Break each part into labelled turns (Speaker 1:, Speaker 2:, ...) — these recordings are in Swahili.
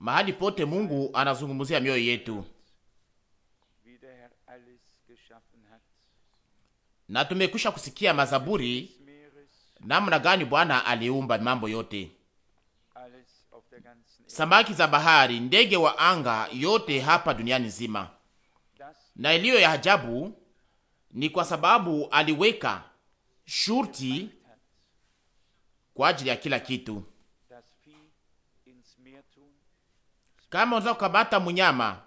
Speaker 1: Mahali pote Mungu anazungumzia mioyo yetu, na tumekwisha kusikia mazaburi namna gani Bwana aliumba mambo yote, samaki za bahari, ndege wa anga, yote hapa duniani nzima. Na iliyo ya ajabu ni kwa sababu aliweka shurti kwa ajili ya kila kitu. Kama unaweza kukamata mnyama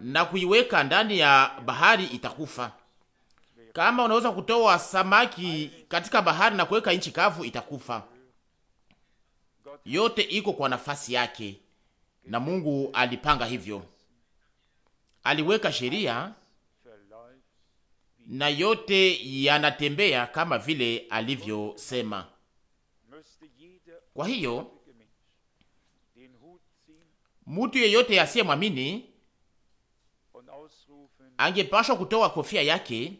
Speaker 1: na kuiweka ndani ya bahari itakufa. Kama unaweza kutoa samaki katika bahari na kuweka nchi kavu itakufa. Yote iko kwa nafasi yake, na Mungu alipanga hivyo, aliweka sheria na yote yanatembea kama vile alivyosema. Kwa hiyo mtu yeyote asiye mwamini angepashwa kutoa kofia yake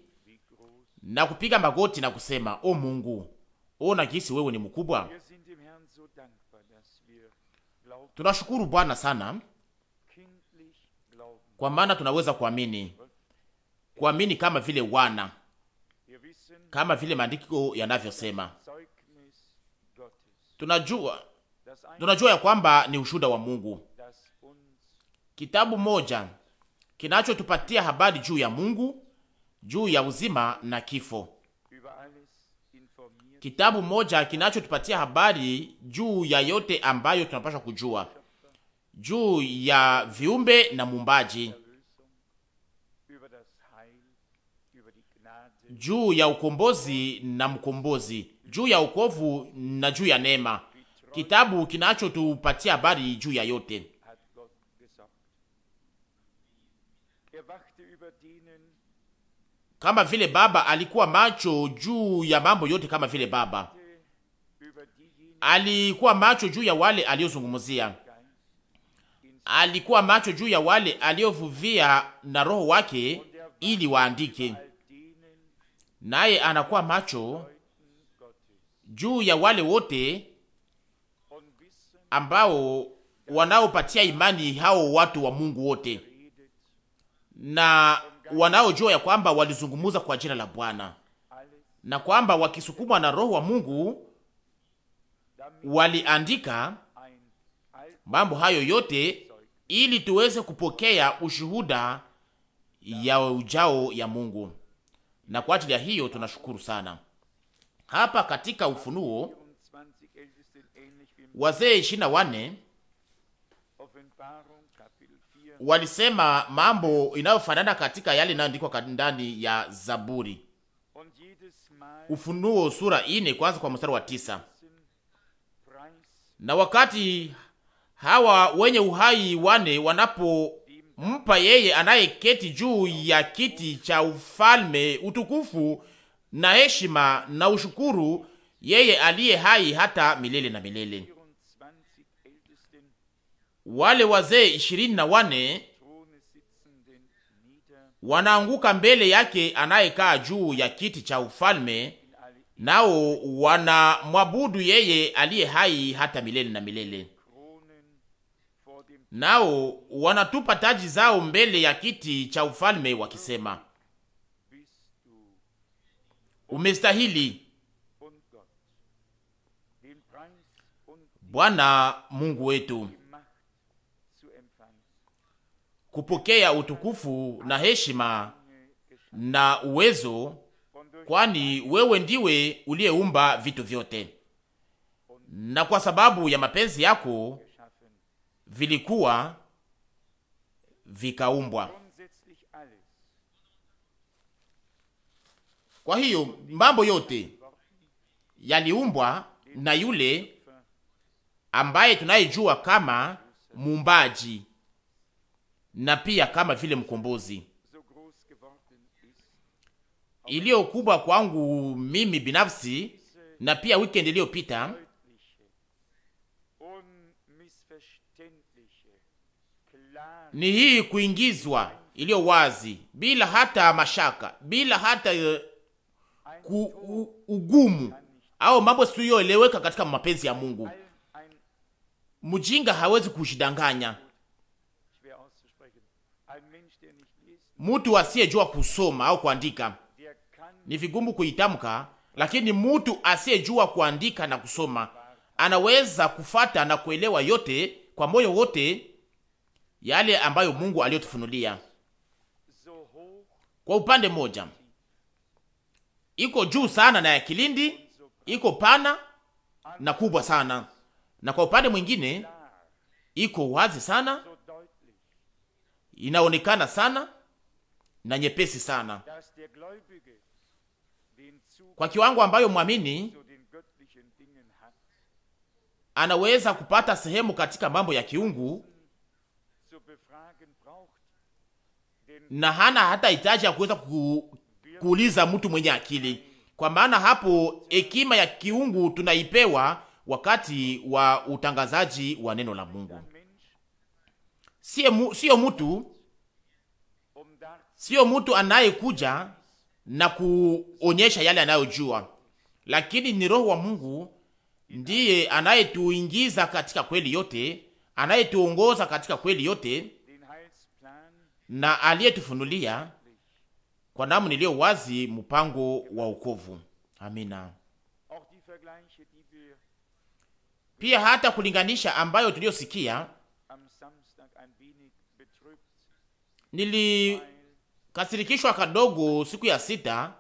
Speaker 1: na kupiga magoti na kusema, o Mungu, ona jinsi wewe ni mkubwa. Tunashukuru Bwana sana kwa maana tunaweza kuamini, kuamini kama vile wana, kama vile maandiko yanavyosema tunajua, tunajua ya kwamba ni ushuda wa Mungu. Kitabu moja kinachotupatia habari juu ya Mungu, juu ya uzima na kifo. Kitabu moja kinachotupatia habari juu ya yote ambayo tunapaswa kujua juu ya viumbe na muumbaji, juu ya ukombozi na mkombozi, juu ya ukovu na juu ya neema, kitabu kinachotupatia habari juu ya yote. Kama vile Baba alikuwa macho juu ya mambo yote, kama vile Baba alikuwa macho juu ya wale aliozungumzia, alikuwa macho juu ya wale aliyovuvia na Roho wake ili waandike, naye anakuwa macho juu ya wale wote ambao wanaopatia imani hao watu wa Mungu wote na wanaojua ya kwamba walizungumuza kwa jina la Bwana na kwamba wakisukumwa na Roho wa Mungu waliandika mambo hayo yote ili tuweze kupokea ushuhuda ya ujao ya Mungu. Na kwa ajili ya hiyo tunashukuru sana hapa katika Ufunuo wazee ishirini na wane walisema mambo inayofanana katika yale inayoandikwa ndani ya Zaburi. Ufunuo sura ine kwanza kwa mstari wa tisa. Na wakati hawa wenye uhai wane wanapompa yeye anayeketi juu ya kiti cha ufalme utukufu na heshima na ushukuru yeye aliye hai hata milele na milele. Wale wazee ishirini na wane wanaanguka mbele yake anayekaa juu ya kiti cha ufalme, nao wanamwabudu yeye aliye hai hata milele na milele. Nao wanatupa taji zao mbele ya kiti cha ufalme wakisema umestahili Bwana Mungu wetu kupokea utukufu na heshima na uwezo, kwani wewe ndiwe uliyeumba vitu vyote, na kwa sababu ya mapenzi yako vilikuwa vikaumbwa. Kwa hiyo mambo yote yaliumbwa na yule ambaye tunayejua kama muumbaji na pia kama vile mkombozi. Iliyo kubwa kwangu mimi binafsi na pia weekend iliyopita ni hii kuingizwa iliyo wazi bila hata mashaka, bila hata eh, ku, u, ugumu au mambo siyoeleweka katika mapenzi ya Mungu. Mjinga hawezi kushidanganya. Mtu asiyejua kusoma au kuandika ni vigumu kuitamka, lakini mtu asiyejua kuandika na kusoma anaweza kufata na kuelewa yote kwa moyo wote yale ambayo Mungu aliyotufunulia. Kwa upande mmoja iko juu sana na ya kilindi, iko pana na kubwa sana, na kwa upande mwingine iko wazi sana, inaonekana sana na nyepesi sana, kwa kiwango ambayo mwamini anaweza kupata sehemu katika mambo ya kiungu na hana hata hitaji ya kuweza ku kuuliza mtu mwenye akili, kwa maana hapo hekima ya kiungu tunaipewa wakati wa utangazaji wa neno la Mungu. Sio sio mtu sio mtu anayekuja na kuonyesha yale anayojua, lakini ni Roho wa Mungu ndiye anayetuingiza katika kweli yote, anayetuongoza katika kweli yote na aliyetufunulia kwa namu niliyo wazi mpango wa ukovu Amina. Pia hata kulinganisha ambayo tuliyosikia, nilikasirikishwa kadogo siku ya sita,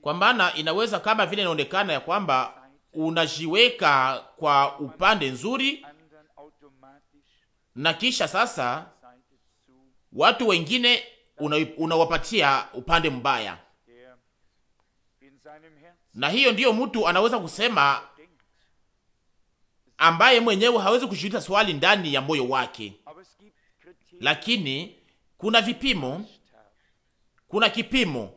Speaker 1: kwa maana inaweza kama vile inaonekana ya kwamba unajiweka kwa upande nzuri na kisha sasa watu wengine unawapatia una upande mbaya, na hiyo ndiyo mtu anaweza kusema ambaye mwenyewe hawezi kujiuliza swali ndani ya moyo wake, lakini kuna vipimo, kuna kipimo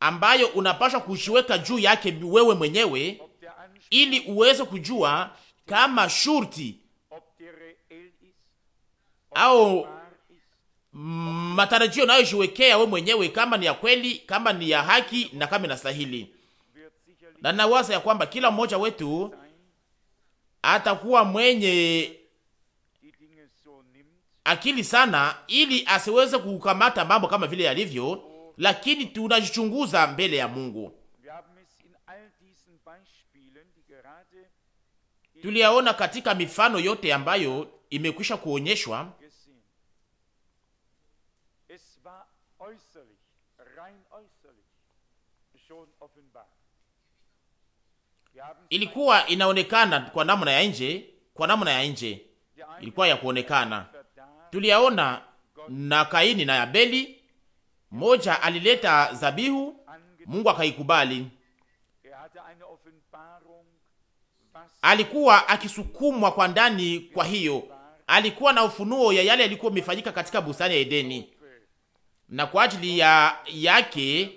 Speaker 1: ambayo unapaswa kushiweka juu yake wewe mwenyewe, ili uweze kujua kama shurti au matarajio unayojiwekea we mwenyewe, kama ni ya kweli, kama ni ya haki na kama inastahili. Na nawaza ya kwamba kila mmoja wetu atakuwa mwenye akili sana, ili asiweze kukamata mambo kama vile yalivyo, lakini tunajichunguza mbele ya Mungu. Tuliyaona katika mifano yote ambayo imekwisha kuonyeshwa ilikuwa inaonekana kwa namna ya nje, kwa namna ya nje ilikuwa ya kuonekana. Tuliyaona na Kaini na Abeli. Moja alileta zabihu, Mungu akaikubali. Alikuwa akisukumwa kwa ndani, kwa hiyo alikuwa na ufunuo ya yale yalikuwa imefanyika katika bustani ya Edeni, na kwa ajili ya yake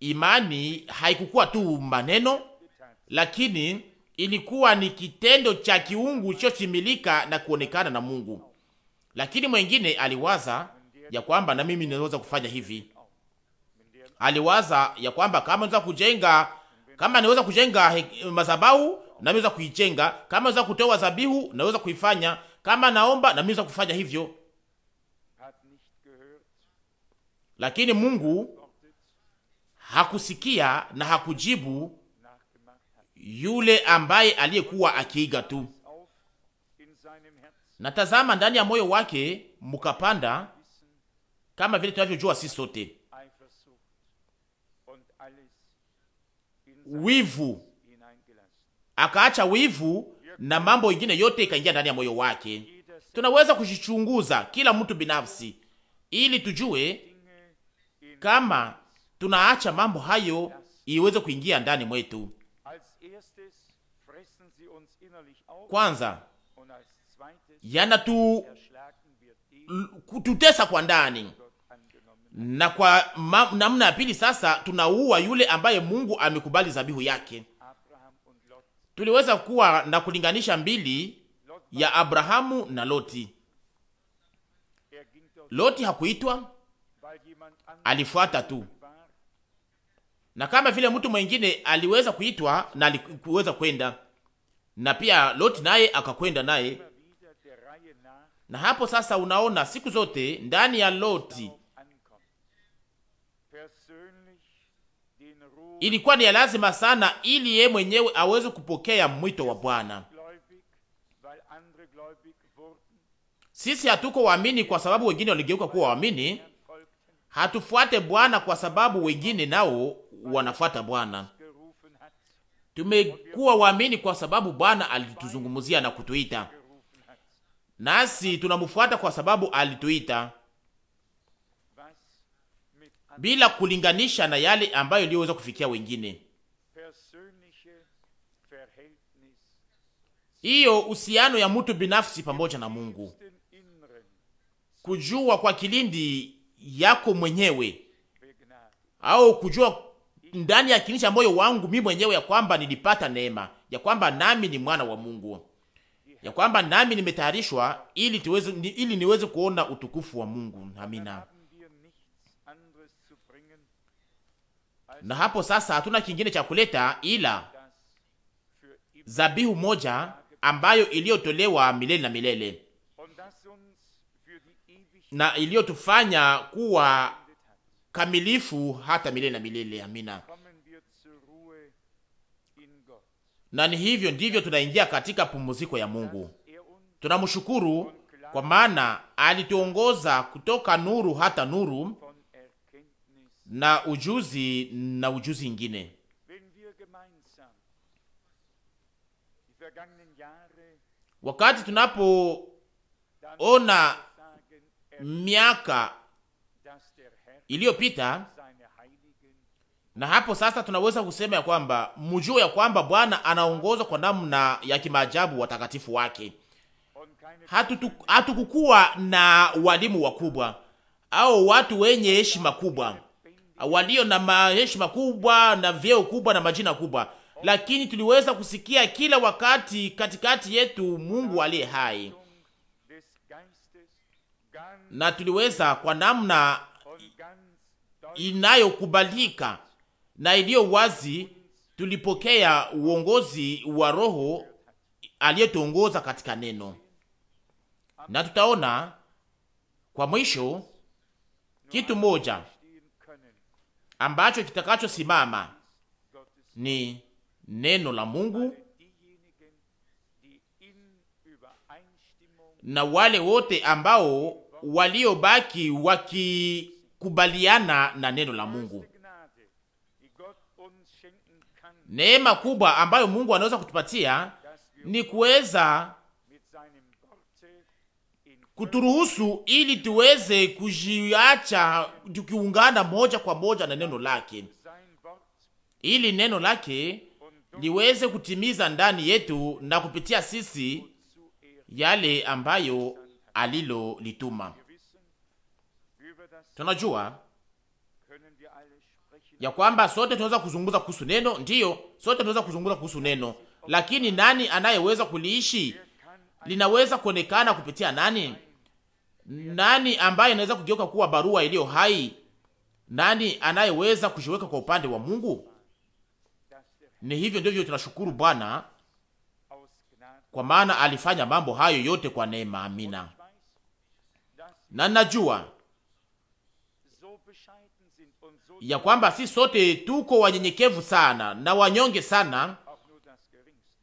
Speaker 1: imani haikukuwa tu maneno lakini ilikuwa ni kitendo cha kiungu chochimilika na kuonekana na Mungu. Lakini mwengine aliwaza ya kwamba na mimi ninaweza kufanya hivi. Aliwaza ya kwamba kama niweza kujenga, kama niweza kujenga madhabahu naweza kuijenga, kama niweza kutoa zabihu naweza kuifanya, kama naomba na mimi naweza kufanya hivyo. Lakini Mungu hakusikia na hakujibu yule ambaye aliyekuwa akiiga tu. Natazama ndani ya moyo wake mukapanda, kama vile tunavyojua sisi sote, wivu akaacha wivu na mambo ingine yote ikaingia ndani ya moyo wake. Tunaweza kujichunguza kila mtu binafsi, ili tujue kama tunaacha mambo hayo iweze kuingia ndani mwetu kwanza yanatututesa kwa ndani na kwa namna ya pili sasa tunaua yule ambaye Mungu amekubali zabihu yake. Tuliweza kuwa na kulinganisha mbili ya Abrahamu na Loti. Er Loti hakuitwa, alifuata tu, na kama vile mtu mwingine aliweza kuitwa na aliweza kwenda na pia Loti naye akakwenda naye. Na hapo sasa, unaona siku zote ndani ya Loti ilikuwa ni ya lazima sana, ili ye mwenyewe aweze kupokea mwito wa Bwana. Sisi hatuko waamini kwa sababu wengine waligeuka kuwa waamini. Hatufuate Bwana kwa sababu wengine nao wanafuata Bwana. Tumekuwa waamini kwa sababu Bwana alituzungumzia na kutuita, nasi tunamfuata kwa sababu alituita, bila kulinganisha na yale ambayo iliyoweza kufikia wengine. Hiyo uhusiano ya mtu binafsi pamoja na Mungu, kujua kwa kilindi yako mwenyewe au kujua ndani ya kinisha moyo wangu mimi mwenyewe ya kwamba nilipata neema, ya kwamba nami ni mwana wa Mungu, ya kwamba nami nimetayarishwa ili tuweze, ili niweze kuona utukufu wa Mungu. Amina. Na hapo sasa hatuna kingine cha kuleta ila zabihu moja ambayo iliyotolewa milele na milele na iliyotufanya kuwa kamilifu hata milele na milele. Amina. Na ni hivyo ndivyo tunaingia katika pumziko ya Mungu. Tunamshukuru kwa maana alituongoza kutoka nuru hata nuru na ujuzi na ujuzi ingine. Wakati tunapoona miaka iliyopita, na hapo sasa tunaweza kusema ya kwamba mjue ya kwamba Bwana anaongozwa kwa namna ya kimaajabu watakatifu wake. Hatukukuwa na walimu wakubwa au watu wenye heshima kubwa walio na heshima kubwa na vyeo kubwa na majina kubwa, lakini tuliweza kusikia kila wakati katikati yetu Mungu aliye hai, na tuliweza kwa namna inayokubalika na iliyo wazi. Tulipokea uongozi wa Roho aliyetuongoza katika neno, na tutaona kwa mwisho kitu moja ambacho kitakachosimama ni neno la Mungu na wale wote ambao waliobaki waki kubaliana na neno la Mungu. Neema kubwa ambayo Mungu anaweza kutupatia ni kuweza kuturuhusu ili tuweze kujiacha tukiungana moja kwa moja na neno lake, ili neno lake liweze kutimiza ndani yetu na kupitia sisi yale ambayo alilolituma. Tunajua ya kwamba sote tunaweza kuzungumza kuhusu neno, ndiyo, sote tunaweza kuzungumza kuhusu neno, lakini nani anayeweza kuliishi? Linaweza kuonekana kupitia nani? Nani ambaye anaweza kugeuka kuwa barua iliyo hai? Nani anayeweza kujiweka kwa upande wa Mungu? Ni hivyo ndivyo tunashukuru Bwana kwa maana alifanya mambo hayo yote kwa neema. Amina. Na najua ya kwamba si sote tuko wanyenyekevu sana na wanyonge sana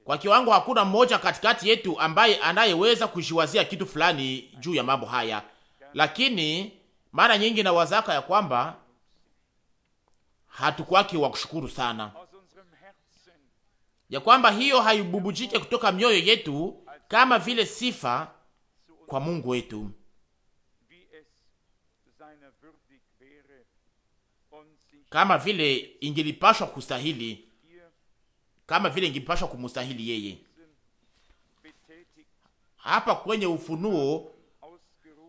Speaker 1: kwa kiwango, hakuna mmoja katikati yetu ambaye anayeweza kujiwazia kitu fulani juu ya mambo haya, lakini mara nyingi na wazaka ya kwamba hatukwake wa kushukuru sana, ya kwamba hiyo haibubujike kutoka mioyo yetu kama vile sifa kwa Mungu wetu. kama vile ingilipashwa kustahili, kama vile ingilipashwa kumustahili yeye. Hapa kwenye Ufunuo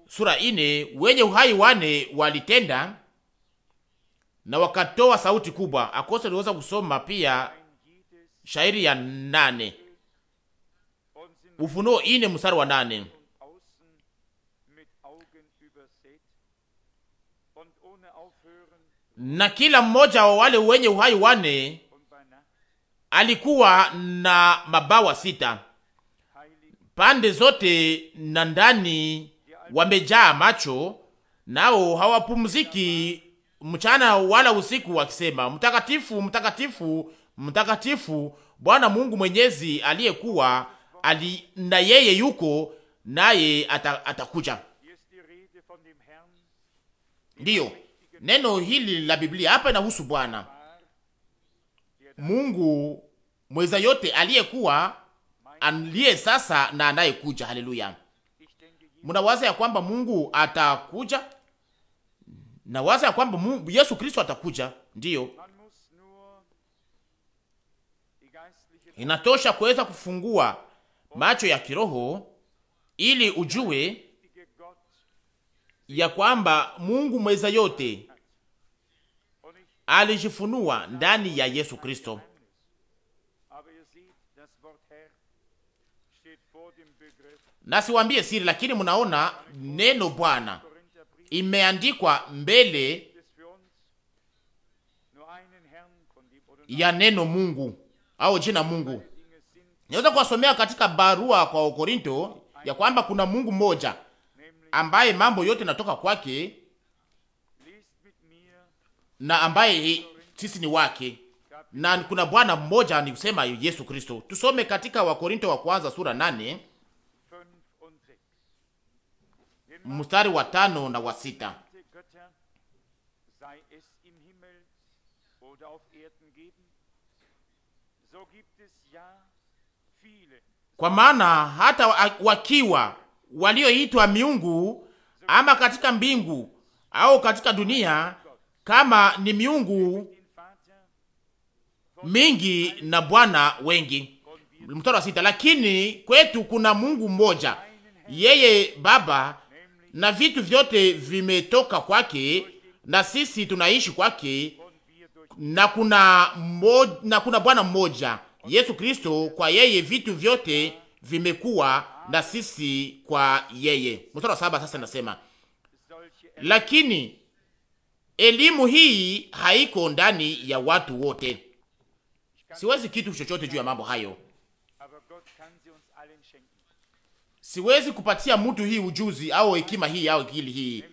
Speaker 1: sura ine, wenye uhai wane walitenda na wakatoa sauti kubwa. Akose aliweza kusoma pia shairi ya nane, Ufunuo ine mstari wa nane. na kila mmoja wa wale wenye uhai wane alikuwa na mabawa sita pande zote, na ndani wamejaa macho, nao hawapumziki mchana wala usiku, wakisema mtakatifu, mtakatifu, mtakatifu, Bwana Mungu Mwenyezi aliyekuwa ali, na yeye yuko naye atakuja. Ndiyo, Neno hili la Biblia hapa inahusu Bwana Mungu mweza yote, aliyekuwa, aliye sasa na anayekuja. Haleluya! Mnawaza ya kwamba Mungu atakuja na waza ya kwamba Mungu, Yesu Kristo atakuja? Ndiyo, inatosha kuweza kufungua macho ya kiroho ili ujue ya kwamba Mungu mweza yote alijifunua ndani ya Yesu Kristo. Nasiwambie siri, lakini mnaona neno Bwana imeandikwa mbele ya neno Mungu au jina Mungu. Naweza kuwasomea katika barua kwa Korinto ya kwamba kuna Mungu mmoja ambaye mambo yote natoka kwake na ambaye sisi ni wake na kuna Bwana mmoja ni kusema Yesu Kristo. Tusome katika Wakorinto wa kwanza sura nane mstari wa tano na wa sita. Kwa maana hata wakiwa walioitwa miungu ama katika mbingu au katika dunia kama ni miungu mingi na bwana wengi. Mstari wa sita, lakini kwetu kuna Mungu mmoja, yeye Baba, na vitu vyote vimetoka kwake na sisi tunaishi kwake, na kuna mo, na kuna Bwana mmoja Yesu Kristo, kwa yeye vitu vyote vimekuwa na sisi kwa yeye. Mstari wa saba sasa nasema lakini Elimu hii haiko ndani ya watu wote. Siwezi kitu chochote juu ya mambo hayo. Siwezi kupatia mtu hii ujuzi au hekima hii au akili hii,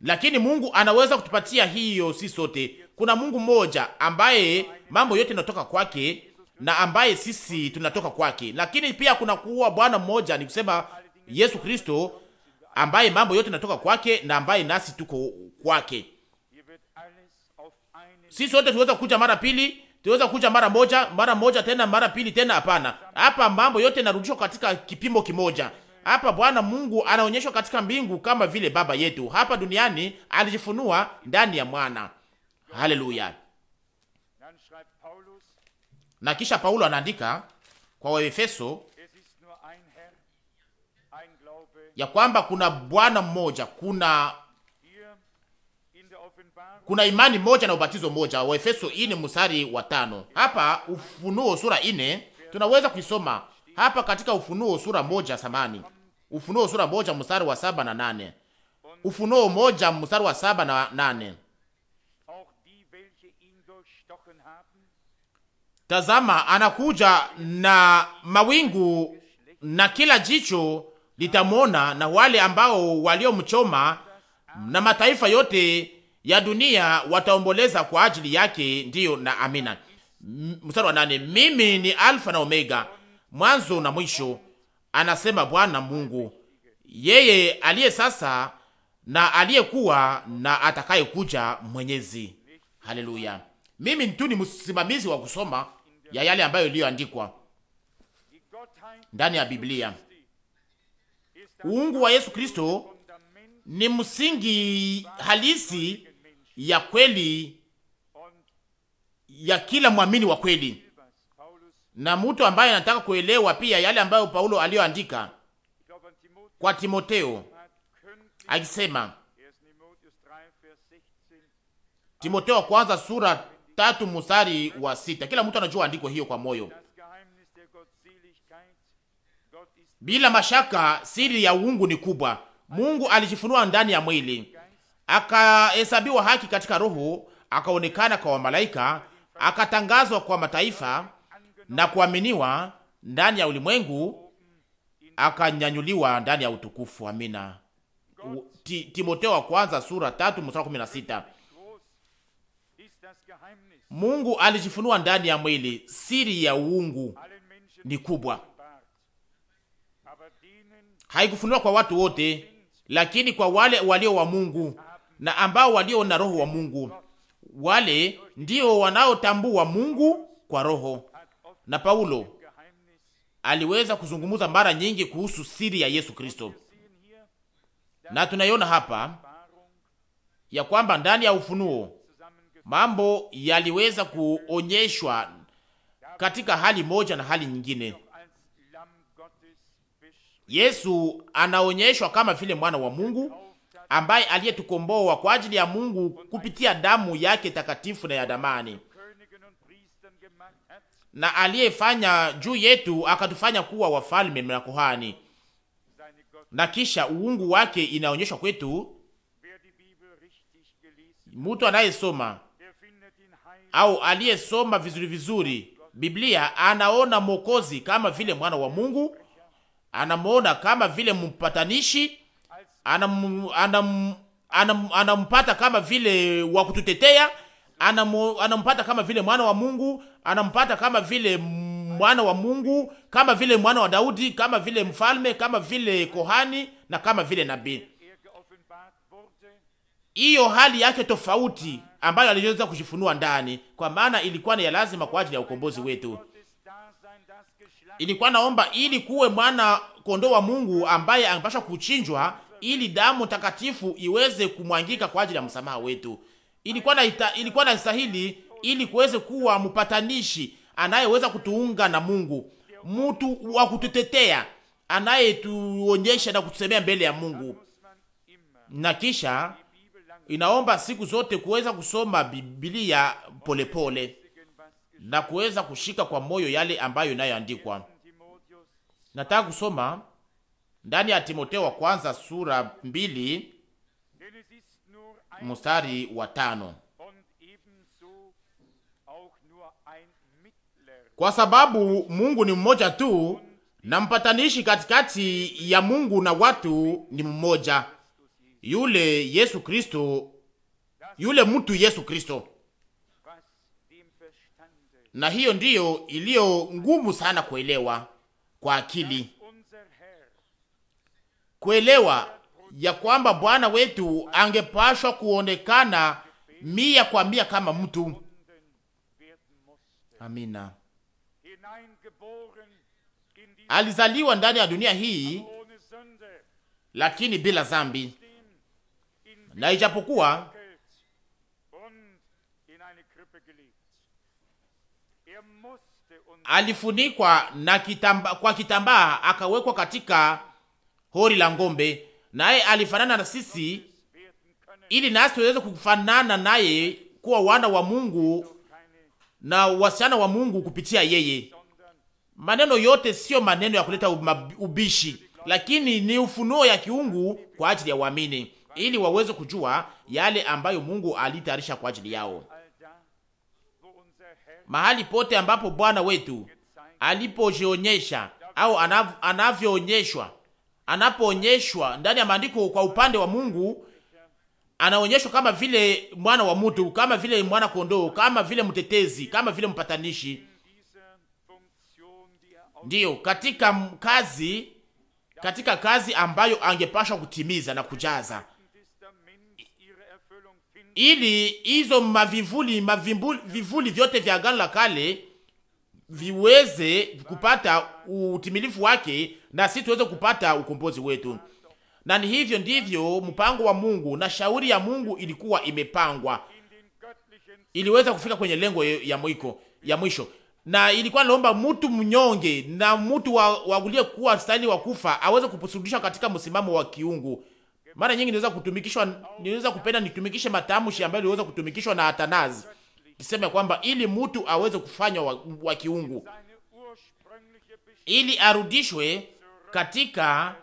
Speaker 1: lakini Mungu anaweza kutupatia hiyo si sote. Kuna Mungu mmoja ambaye mambo yote yanatoka kwake na ambaye sisi tunatoka kwake, lakini pia kuna kuwa Bwana mmoja, ni kusema Yesu Kristo ambaye mambo yote natoka kwake na ambaye nasi tuko kwake. Sisi sote tuweza kukuja mara pili, tuweza kukuja mara moja, mara moja tena, mara pili tena? Hapana, hapa mambo yote narudishwa katika kipimo kimoja. Hapa Bwana Mungu anaonyeshwa katika mbingu kama vile baba yetu, hapa duniani alijifunua ndani ya mwana. Haleluya! Na kisha Paulo anaandika kwa Waefeso ya kwamba kuna Bwana mmoja, kuna kuna imani moja na ubatizo wa Waefeso ine mstari wa tano. Hapa Ufunuo sura ine tunaweza kuisoma hapa katika Ufunuo sura moja samani, Ufunuo sura moja mstari wa saba na nane. Ufunuo moja mstari wa saba na nane. Tazama, anakuja na mawingu na kila jicho litamwona na wale ambao waliomchoma na mataifa yote ya dunia wataomboleza kwa ajili yake. Ndiyo na amina. Mstari wa nane, mimi ni Alfa na Omega, mwanzo na mwisho, anasema Bwana Mungu, yeye aliye sasa na aliyekuwa na atakayekuja mwenyezi. Haleluya! Mimi tu ni msimamizi wa kusoma ya yale ambayo iliyoandikwa ndani ya Biblia uungu wa Yesu Kristo ni msingi halisi ya kweli ya kila mwamini wa kweli na mtu ambaye anataka kuelewa pia yale ambayo Paulo aliyoandika kwa Timoteo akisema, Timoteo wa kwanza sura tatu mstari wa sita. Kila mtu anajua andiko hiyo kwa moyo. Bila mashaka siri ya uungu ni kubwa. Mungu alijifunua ndani ya mwili, akahesabiwa haki katika roho, akaonekana kwa wamalaika, akatangazwa kwa mataifa na kuaminiwa ndani ya ulimwengu, akanyanyuliwa ndani ya utukufu. Amina. Timoteo wa kwanza sura tatu mstari kumi na sita. Mungu alijifunua ndani ya mwili. Siri ya uungu ni kubwa haikufunuliwa kwa watu wote, lakini kwa wale walio wa Mungu na ambao walio na roho wa Mungu. Wale ndio wanaotambua Mungu kwa roho. Na Paulo aliweza kuzungumza mara nyingi kuhusu siri ya Yesu Kristo, na tunaiona hapa ya kwamba ndani ya Ufunuo mambo yaliweza kuonyeshwa katika hali moja na hali nyingine. Yesu anaonyeshwa kama vile mwana wa Mungu ambaye aliyetukomboa kwa ajili ya Mungu kupitia damu yake takatifu na ya damani, na aliyefanya juu yetu akatufanya kuwa wafalme na kohani, na kisha uungu wake inaonyeshwa kwetu. Mtu anayesoma au aliyesoma vizuri vizuri Biblia anaona Mwokozi kama vile mwana wa Mungu anamwona kama vile mpatanishi, anam, anam, anam, anampata kama vile wa kututetea, anam, anampata kama vile mwana wa Mungu, anampata kama vile mwana wa Mungu, kama vile mwana wa Daudi, kama vile mfalme, kama vile kohani na kama vile nabii. Hiyo hali yake tofauti ambayo aliweza kujifunua ndani, kwa maana ilikuwa ni ya lazima kwa ajili ya ukombozi wetu ilikuwa naomba ili kuwe mwana kondoo wa Mungu ambaye angepasha kuchinjwa ili damu takatifu iweze kumwangika kwa ajili ya msamaha wetu. Ilikuwa na ita, ilikuwa na stahili ili kuweze kuwa mpatanishi anayeweza kutuunga na Mungu, mtu wa kututetea anayetuonyesha na kutusemea mbele ya Mungu. Na kisha inaomba siku zote kuweza kusoma Biblia polepole pole na kuweza kushika kwa moyo yale ambayo inayoandikwa. Nataka kusoma ndani ya Timoteo wa kwanza sura mbili mstari wa tano kwa sababu Mungu ni mmoja tu na mpatanishi katikati ya Mungu na watu ni mmoja, yule Yesu Kristo, yule mtu Yesu Kristo na hiyo ndiyo iliyo ngumu sana kuelewa kwa akili, kuelewa ya kwamba Bwana wetu angepashwa kuonekana mia kwa mia kama mtu. Amina. Alizaliwa ndani ya dunia hii, lakini bila zambi, na ijapokuwa alifunikwa na kitamba, kwa kitambaa akawekwa katika hori la ng'ombe, naye alifanana na sisi ili nasi tuweze kufanana naye kuwa wana wa Mungu na wasichana wa Mungu kupitia yeye. Maneno yote sio maneno ya kuleta ubishi, lakini ni ufunuo ya kiungu kwa ajili ya waamini, ili waweze kujua yale ambayo Mungu alitayarisha kwa ajili yao mahali pote ambapo Bwana wetu alipojionyesha au anav, anavyoonyeshwa anapoonyeshwa ndani ya maandiko kwa upande wa Mungu, anaonyeshwa kama vile mwana wa mtu, kama vile mwana kondoo, kama vile mtetezi, kama vile mpatanishi. Ndiyo, katika kazi, katika kazi ambayo angepashwa kutimiza na kujaza ili hizo mavivuli mavimbuli vivuli vyote vya agano la kale viweze kupata utimilifu wake na sisi tuweze kupata ukombozi wetu. Na ni hivyo ndivyo mpango wa Mungu na shauri ya Mungu ilikuwa imepangwa, iliweza kufika kwenye lengo ya mwiko ya mwisho, na ilikuwa naomba mtu mnyonge na mtu wa, wagulie kuwa stahili wa kufa aweze kupusurudisha katika msimamo wa kiungu mara nyingi niweza kutumikishwa, niweza kupenda nitumikishe matamshi ambayo niweza kutumikishwa na Atanazi kisema kwamba ili mtu aweze kufanywa wa, wa kiungu ili arudishwe katika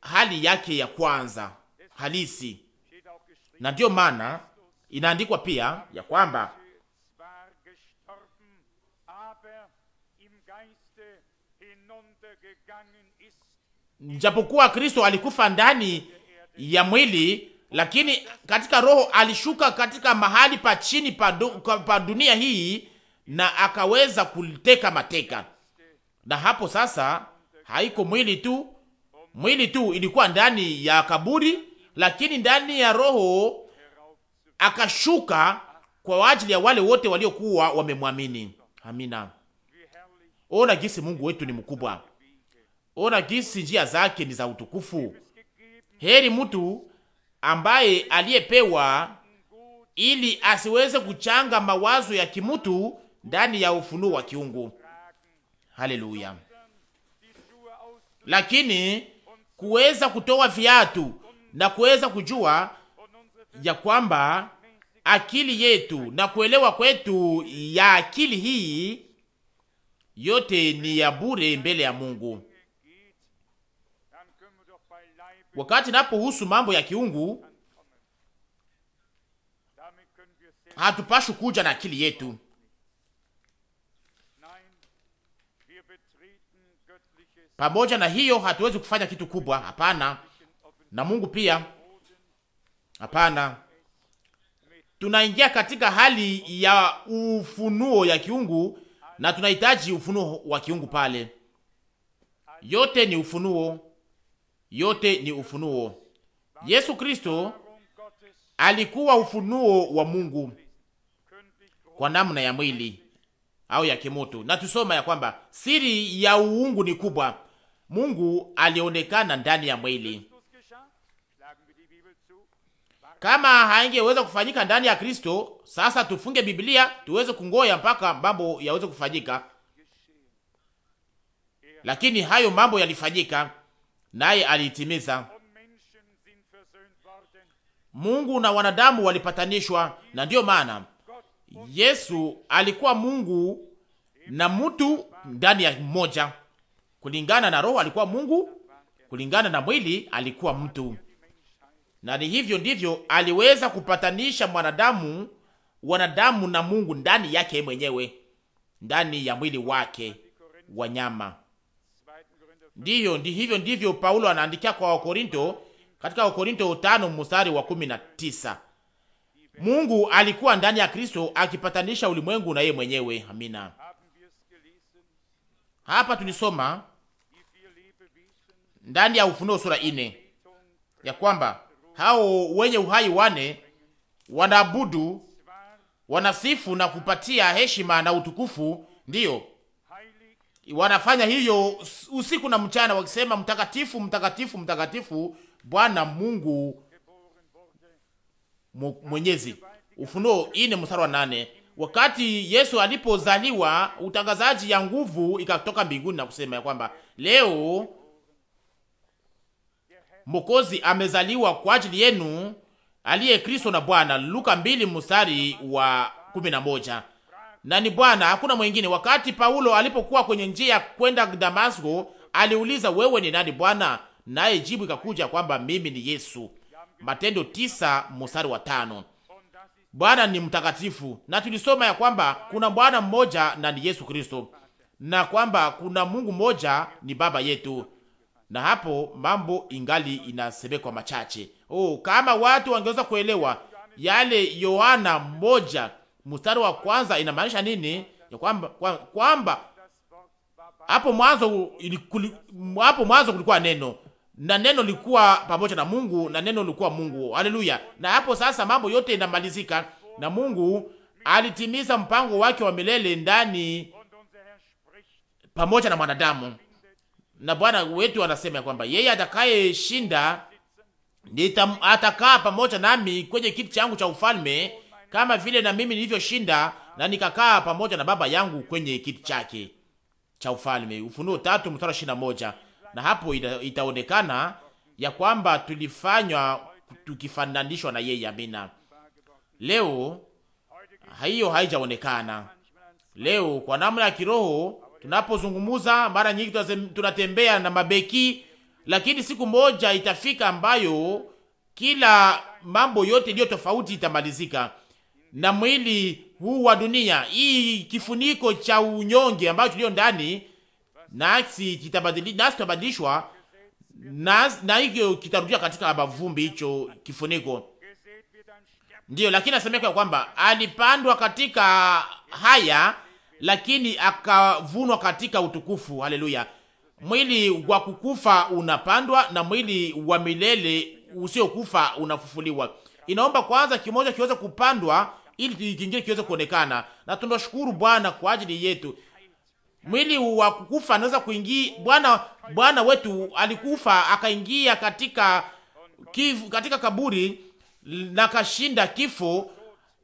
Speaker 1: hali yake ya kwanza halisi, na ndiyo maana inaandikwa pia ya kwamba japokuwa Kristo alikufa ndani ya mwili, lakini katika roho alishuka katika mahali pa chini pa, du, pa dunia hii na akaweza kuteka mateka. Na hapo sasa haiko mwili tu, mwili tu ilikuwa ndani ya kaburi, lakini ndani ya roho akashuka kwa ajili ya wale wote waliokuwa wamemwamini. Amina. Ona gisi Mungu wetu ni mkubwa. Ona gisi njia zake ni za utukufu. Heri mtu ambaye aliyepewa ili asiweze kuchanga mawazo ya kimutu ndani ya ufunuo wa kiungu. Haleluya! Lakini kuweza kutoa viatu na kuweza kujua ya kwamba akili yetu na kuelewa kwetu ya akili hii yote ni ya bure mbele ya Mungu. Wakati napohusu mambo ya kiungu, hatupashi kuja na akili yetu, pamoja na hiyo hatuwezi kufanya kitu kubwa. Hapana, na Mungu pia hapana. Tunaingia katika hali ya ufunuo ya kiungu, na tunahitaji ufunuo wa kiungu pale. Yote ni ufunuo yote ni ufunuo. Yesu Kristo alikuwa ufunuo wa Mungu kwa namna ya mwili au ya kimutu na tusoma ya kwamba siri ya uungu ni kubwa. Mungu alionekana ndani ya mwili. Kama haingeweza kufanyika ndani ya Kristo, sasa tufunge Biblia tuweze kungoya mpaka mambo yaweze kufanyika, lakini hayo mambo yalifanyika naye aliitimiza. Mungu na wanadamu walipatanishwa, na ndiyo maana Yesu alikuwa Mungu na mtu ndani ya mmoja. Kulingana na roho alikuwa Mungu, kulingana na mwili alikuwa mtu, na ni hivyo ndivyo aliweza kupatanisha mwanadamu, wanadamu na Mungu ndani yake mwenyewe, ndani ya mwili wake wa nyama. Ndiyo, ndi hivyo ndivyo Paulo anaandikia kwa Wakorinto katika Wakorinto tano mstari wa kumi na tisa. Mungu alikuwa ndani ya Kristo akipatanisha ulimwengu na yeye mwenyewe. Amina. Hapa tulisoma ndani ya Ufunuo sura ine ya kwamba hao wenye uhai wane wanaabudu, wanasifu na kupatia heshima na utukufu ndiyo wanafanya hiyo usiku na mchana, wakisema mtakatifu, mtakatifu, mtakatifu Bwana Mungu Mwenyezi. Ufunuo ine mstari wa nane. Wakati Yesu alipozaliwa, utangazaji ya nguvu ikatoka mbinguni na kusema ya kwamba leo mokozi amezaliwa kwa ajili yenu, aliye Kristo na Bwana. Luka mbili mstari wa kumi na moja na ni Bwana, hakuna mwingine. Wakati Paulo alipokuwa kwenye njia ya kwenda Damasko, aliuliza wewe ni nani Bwana? Naye jibu ikakuja kwamba mimi ni Yesu. Matendo tisa mstari wa tano. Bwana ni mtakatifu, na tulisoma ya kwamba kuna Bwana mmoja na ni Yesu Kristo, na kwamba kuna Mungu mmoja ni baba yetu, na hapo mambo ingali inasemekwa machache. Oh, kama watu wangeweza kuelewa yale Yohana mmoja mstari wa kwanza inamaanisha nini? Ya kwamba kwamba hapo mwanzo hapo mwanzo kulikuwa neno na neno lilikuwa pamoja na Mungu na neno lilikuwa Mungu. Haleluya! Na hapo sasa mambo yote inamalizika na Mungu alitimiza mpango wake wa milele ndani pamoja na mwanadamu. Na Bwana wetu anasema kwamba yeye atakayeshinda atakaa pamoja nami kwenye kiti changu cha ufalme kama vile na mimi nilivyoshinda na nikakaa pamoja na Baba yangu kwenye kiti chake cha ufalme. Ufunuo tatu mstari ishirini na moja. Na hapo ita, itaonekana ya kwamba tulifanywa tukifananishwa na yeye. Amina. Leo hiyo haijaonekana. Leo kwa namna ya kiroho tunapozungumuza, mara nyingi tunatembea na mabeki, lakini siku moja itafika ambayo kila mambo yote iliyo tofauti itamalizika na mwili huu wa dunia, hii kifuniko cha unyonge ambayo tulio ndani, nasi tutabadilishwa na, na hiyo kitarudia katika mavumbi hicho kifuniko. Ndiyo, lakini nasemeka kwamba alipandwa katika haya, lakini akavunwa katika utukufu. Haleluya! Mwili wa kukufa unapandwa na mwili wa milele usiokufa unafufuliwa. Inaomba kwanza kimoja kiweze kupandwa ili kingine kiweze kuonekana. Na tunashukuru Bwana kwa ajili yetu. Mwili wa kukufa anaweza kuingia. Bwana Bwana wetu alikufa akaingia katika kifu, katika kaburi na kashinda kifo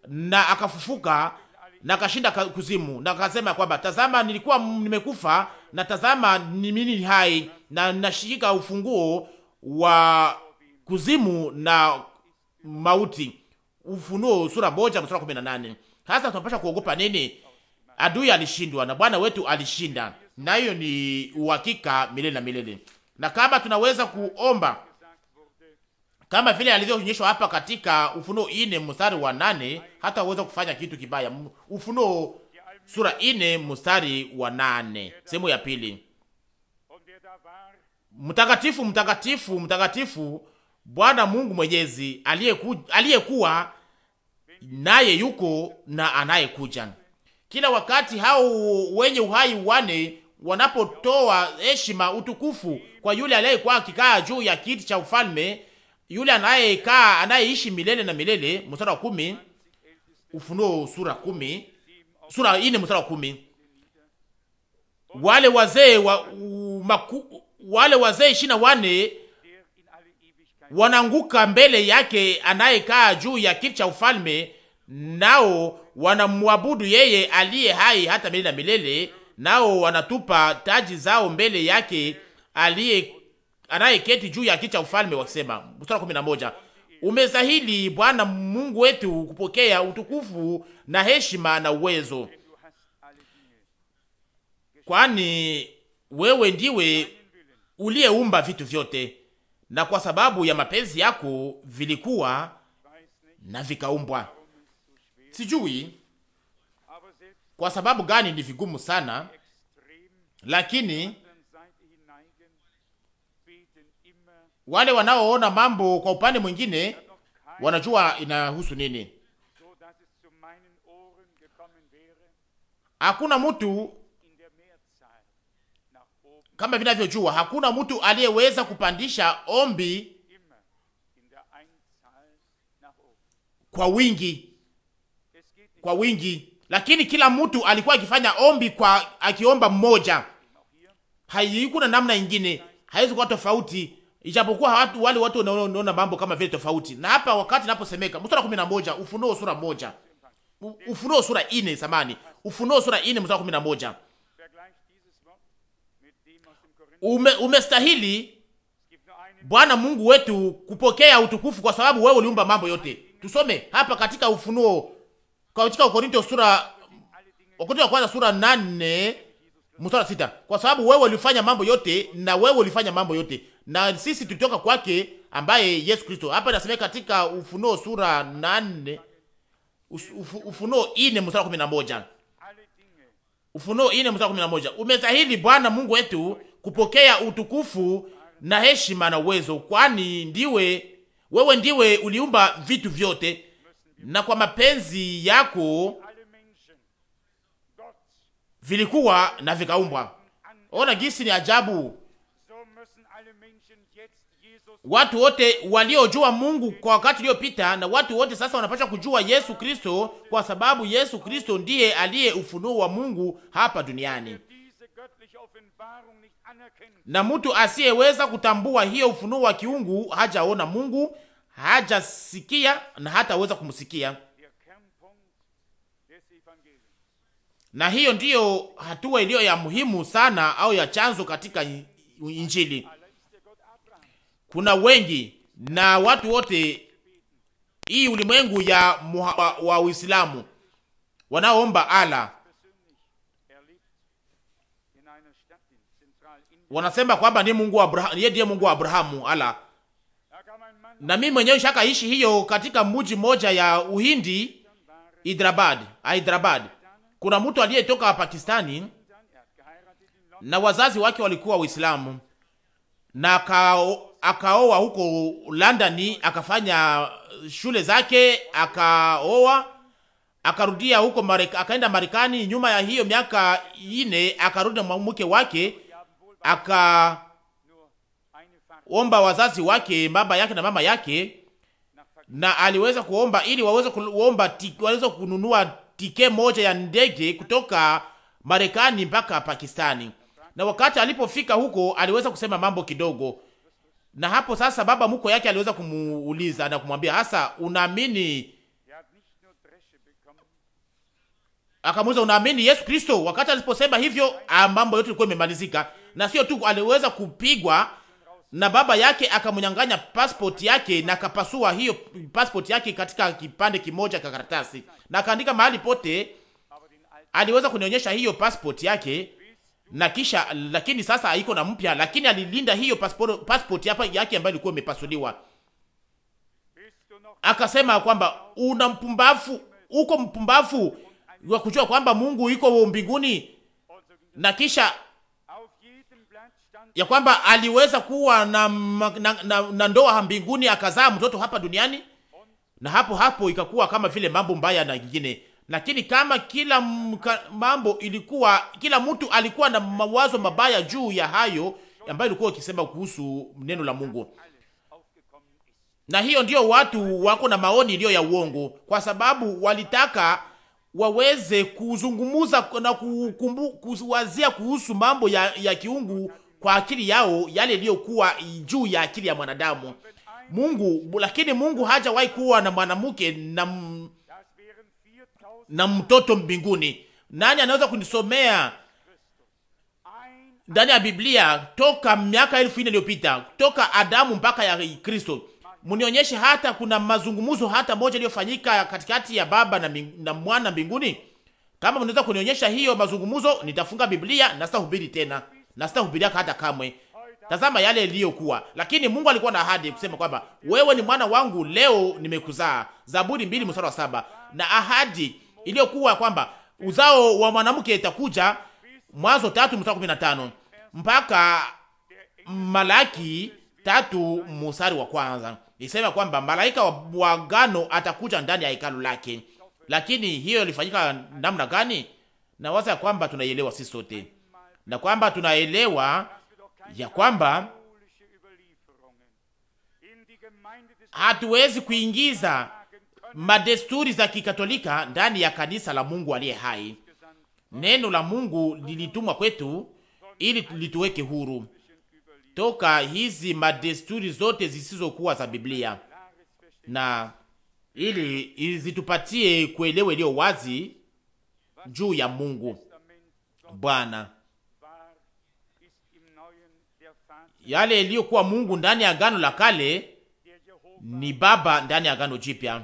Speaker 1: na akafufuka na kashinda kuzimu na akasema kwamba tazama, nilikuwa nimekufa na tazama, ni mimi hai na nashika ufunguo wa kuzimu na mauti. Ufunuo sura moja mstari kumi na nane. Hasa tunapasha kuogopa nini? Adui alishindwa na Bwana wetu alishinda, na hiyo ni uhakika milele na milele. Na kama tunaweza kuomba kama vile alivyoonyeshwa hapa katika Ufunuo ine mstari wa nane, hata uweza kufanya kitu kibaya. Ufunuo sura ine mstari wa nane, sehemu ya pili. Mtakatifu, mtakatifu, mtakatifu Bwana Mungu Mwenyezi aliyekuwa naye yuko na anayekuja. Kila wakati hao wenye uhai wane wanapotoa heshima utukufu kwa yule aliyekuwa akikaa juu ya kiti cha ufalme, yule anayekaa anayeishi milele na milele. Mstari wa kumi, Ufunuo sura kumi, sura ine mstari wa kumi. Wale wazee wa, wale wazee ishirini na wane wananguka mbele yake anayekaa juu ya kiti cha ufalme, nao wanamwabudu yeye aliye hai hata milele na milele, nao wanatupa taji zao mbele yake aliye anayeketi juu ya kiti cha ufalme, wakisema, mstari moja umestahili Bwana Mungu wetu kupokea utukufu na heshima na uwezo, kwani wewe ndiwe uliyeumba vitu vyote na kwa sababu ya mapenzi yako vilikuwa na vikaumbwa. Sijui kwa sababu gani ni vigumu sana, lakini wale wanaoona mambo kwa upande mwingine wanajua inahusu nini. Hakuna mtu kama vinavyojua hakuna mtu aliyeweza kupandisha ombi kwa wingi kwa wingi, lakini kila mtu alikuwa akifanya ombi kwa akiomba mmoja. Haikuna namna ingine, haiwezi kuwa tofauti, ijapokuwa watu wale watu wanaona mambo kama vile tofauti. Na hapa wakati naposemeka mstari moja Ufunuo sura moja, Ufunuo sura 4 samani, Ufunuo sura 4 mstari moja ume, umestahili Bwana Mungu wetu kupokea utukufu kwa sababu wewe uliumba mambo yote. Tusome hapa katika Ufunuo katika Wakorintho sura Wakorintho wa kwanza sura nane mstari sita. Kwa sababu wewe ulifanya mambo yote na wewe ulifanya mambo yote na sisi tulitoka kwake ambaye Yesu Kristo. Hapa nasema katika Ufunuo sura nane Uf, Ufunuo ine mstari kumi na moja Ufunuo ine mstari kumi na moja umestahili Bwana Mungu wetu kupokea utukufu na heshima na uwezo, kwani ndiwe wewe, ndiwe uliumba vitu vyote, na kwa mapenzi yako vilikuwa na vikaumbwa. Ona gisi ni ajabu. Watu wote waliojua Mungu kwa wakati uliopita na watu wote sasa wanapaswa kujua Yesu Kristo, kwa sababu Yesu Kristo ndiye aliye ufunuo wa Mungu hapa duniani na mtu asiyeweza kutambua hiyo ufunuo wa kiungu hajaona Mungu, hajasikia na hataweza kumsikia. Na hiyo ndiyo hatua iliyo ya muhimu sana au ya chanzo katika Injili. Kuna wengi na watu wote hii ulimwengu ya wa Uislamu wanaoomba ala wanasema kwamba ni Mungu wa yeye ndiye Mungu wa Abrahamu ala. Na mimi mwenyewe ishi hiyo katika mji moja ya Uhindi Hyderabad, Hyderabad. Kuna mtu aliyetoka Pakistani na wazazi wake walikuwa Waislamu na akaoa huko London, akafanya shule zake, akaoa akarudia huko Marekani, akaenda Marekani. Nyuma ya hiyo miaka ine akarudi na mke wake akaomba wazazi wake, baba yake na mama yake, na aliweza kuomba ili waweze kuomba ti, waweze kununua tike moja ya ndege kutoka Marekani mpaka Pakistani. Na wakati alipofika huko aliweza kusema mambo kidogo, na hapo sasa baba mko yake aliweza kumuuliza na kumwambia, hasa unaamini? Akamuuliza, unaamini Yesu Kristo? Wakati aliposema hivyo, ah, mambo yote ilikuwa imemalizika na sio tu aliweza kupigwa na baba yake akamnyang'anya passport yake na akapasua hiyo passport yake katika kipande kimoja cha karatasi na akaandika mahali pote, aliweza kunionyesha hiyo passport yake na kisha, lakini sasa haiko na mpya, lakini alilinda hiyo passport, passport yake ambayo ilikuwa imepasuliwa. Akasema kwamba una mpumbavu, uko mpumbavu wa kujua kwamba Mungu yuko mbinguni na kisha ya kwamba aliweza kuwa na, na, na, na ndoa mbinguni akazaa mtoto hapa duniani, na hapo hapo ikakuwa kama vile mambo mbaya na nyingine. Lakini kama kila mka, mambo ilikuwa kila mtu alikuwa na mawazo mabaya juu ya hayo ambayo ilikuwa ikisema kuhusu neno la Mungu, na hiyo ndio watu wako na maoni iliyo ya uongo, kwa sababu walitaka waweze kuzungumuza na kukumbu, kuwazia kuhusu mambo ya, ya kiungu kwa akili yao yale iliyokuwa juu ya akili ya mwanadamu. Mungu lakini Mungu hajawahi kuwa na mwanamke na, na mtoto mbinguni. Nani anaweza kunisomea ndani ya Biblia toka miaka elfu nne iliyopita toka Adamu mpaka ya Kristo? Mnionyeshe hata kuna mazungumzo hata moja iliyofanyika katikati ya baba na, na mwana mbinguni. Kama mnaweza kunionyesha hiyo mazungumzo, nitafunga Biblia na sitahubiri tena na sitakupilia hata kamwe. Tazama yale iliyokuwa, lakini Mungu alikuwa na ahadi kusema kwamba wewe ni mwana wangu, leo nimekuzaa, Zaburi mbili mstari wa saba. Na ahadi iliyokuwa kwamba uzao wa mwanamke itakuja, Mwanzo tatu mstari kumi na tano mpaka Malaki tatu mstari wa kwanza isema kwamba malaika wa bwagano atakuja ndani ya hekalu lake. Lakini hiyo ilifanyika namna gani? Na waza ya kwamba tunaielewa sisi sote na kwamba tunaelewa ya kwamba hatuwezi kuingiza madesturi za kikatolika ndani ya kanisa la Mungu aliye hai. Neno la Mungu lilitumwa kwetu ili lituweke huru toka hizi madesturi zote zisizokuwa za Biblia na ili zitupatie kuelewa iliyo wazi juu ya Mungu Bwana. yale yaliyokuwa Mungu ndani ya agano la kale ni Baba ndani ya agano jipya.